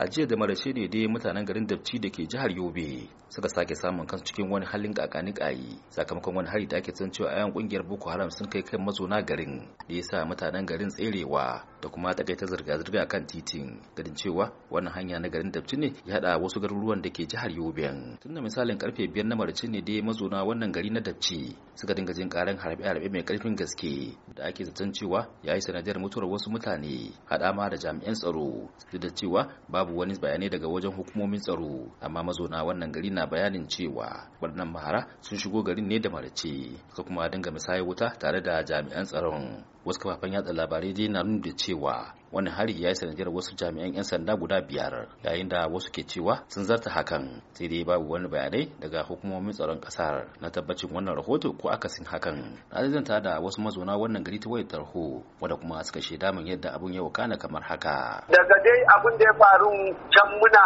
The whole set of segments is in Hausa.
a jiya da marashe ne dai mutanen garin dabci da ke jihar yobe suka sake samun kansu cikin wani halin kakani kayi sakamakon wani hari da ake san cewa ayan kungiyar boko haram sun kai kan mazauna garin da ya sa mutanen garin tserewa da kuma takaita zirga-zirga kan titin garin cewa wannan hanya na garin dabci ne ya hada wasu garuruwan da ke jihar yobe tun da misalin karfe biyar na marici ne dai mazauna wannan gari na dabci suka dinga jin karan harbe-harbe mai karfin gaske da ake zaton cewa ya yi sanadiyar mutuwar wasu mutane hada ma da jami'an tsaro duk da cewa babu wani bayanai daga wajen hukumomin tsaro amma mazauna wannan gari na bayanin cewa waɗannan mahara sun shigo garin ne da marace suka kuma dinga misayi wuta tare da jami'an tsaron wasu kafafen yatsa labarai dai na nuna da cewa wa wani hari ya yi sanadiyar wasu jami'an 'yan sanda guda biyar yayin da wasu ke cewa sun zarta hakan sai dai babu wani bayanai daga hukumomin tsaron kasar na tabbacin wannan rahoto ko akasin hakan na zanta da wasu mazauna wannan gari ta wayar tarho wanda kuma suka shaida min yadda abun ya wakana kamar haka daga dai abun da ya faru can muna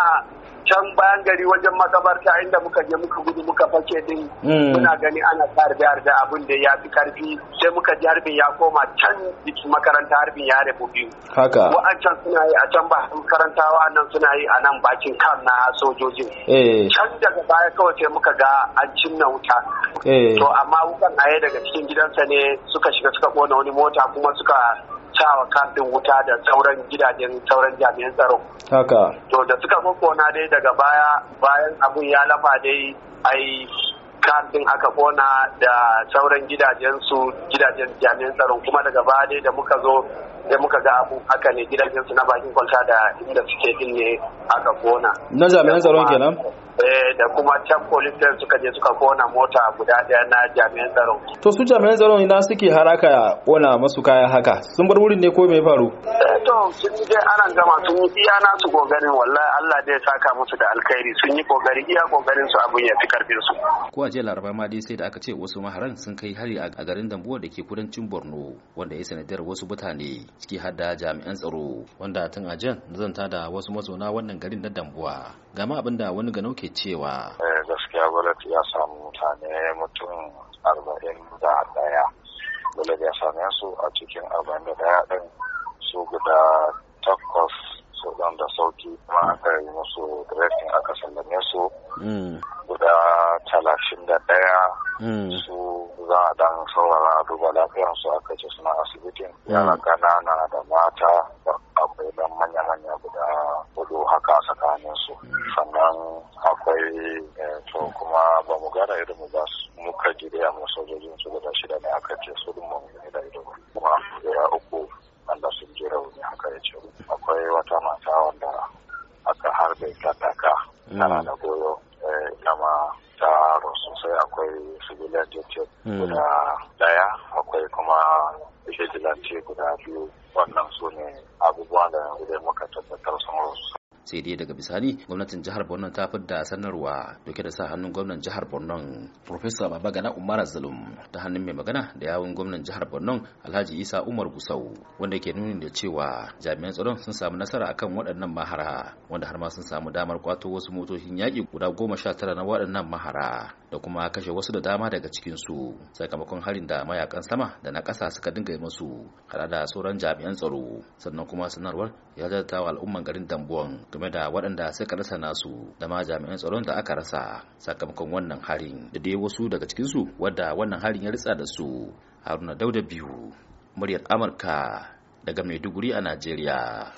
can bayan gari wajen makabarta inda muka je muka gudu muka fake din hmm. muna gani ana harbe da abun da ya fi karfi sai muka ji harbin ya koma can jikin makaranta harbin ya rabu biyu haka wa'ancan suna yi a can ba nan suna yi a nan bakin kan na sojojin eh. can daga baya kawai sai muka ga an cinna wuta eh. to amma wukan aye daga cikin gidansa ne suka shiga suka kona wani mota kuma suka cawa kafin wuta da sauran gidajen sauran jami'an tsaro. Haka. To da suka kokona dai daga baya bayan abun ya lafa dai ai kafin aka kona da sauran gidajen su gidajen jami'an tsaron kuma daga baya da muka zo da muka ga abu haka ne gidajen su na bakin kwalta da inda suke din ne aka kona na jami'an tsaron kenan Eh, da kuma can police suka je suka kona mota guda daya na jami'an tsaron to su jami'an tsaron idan suke haraka kona masu kaya haka sun bar wurin ne ko me faru eh, to sun je anan gama sun yi iya nasu kokarin wallahi Allah zai saka musu da alkhairi sun yi kokari iya kokarin su abun ya fi karfin su ko a jiya laraba ma dai sai da aka ce wasu maharan sun kai hari a garin Dambuwa da ke kudancin Borno wanda ya sanadiyar wasu mutane ciki har da jami'an tsaro wanda tun a jan zanta da wasu mazauna wannan garin na Dambuwa gama abinda wani ganau ke cewa eh, gaskiya gwamnati ya samu mutane mutum arba'in da daya dole ya same su a cikin arba'in da daya din su guda takwas su dan da sauki kuma aka yi musu direktin aka sallame su mm. guda talashin da daya mm. su za a dan saurara duba lafiyarsu aka ce suna asibitin mm. Yana ƙanana da mata akwai dan manya-manya guda hudu haka tsakanin su sannan kwayoyi eh, to kuma ba mu gana irin mu ba su muka gida mu sojojin su guda shida ne aka ce su mu da ido kuma guda uku wanda sun ji rauni haka ya ce akwai wata mata wanda aka harbe ta daka mm. tana da goyo nama eh, ta rasu sai akwai civilian jirgin mm. guda daya akwai kuma vigilante guda biyu wannan su ne abubuwan da sai dai daga bisani gwamnatin jihar borno ta da sanarwa doke da sa hannun gwamnan jihar borno professor babagana umar zulum ta hannun mai magana da yawun gwamnan jihar borno alhaji isa umar gusau wanda ke nuni da cewa jami'an tsaron sun samu nasara akan waɗannan mahara wanda har ma sun samu damar kwato wasu motocin yaƙi guda goma sha tara na waɗannan mahara da kuma kashe wasu da dama daga cikinsu sakamakon harin da mayakan sama da na ƙasa suka dinga yi musu hada da sauran jami'an tsaro sannan kuma sanarwar ya zata wa al'umman garin dambuwan game da waɗanda suka rasa nasu da ma jami'an tsaron da aka rasa sakamakon wannan harin da dai wasu daga cikin su wadda wannan harin ya ritsa da su haruna dauda biyu muryar amurka daga maiduguri a najeriya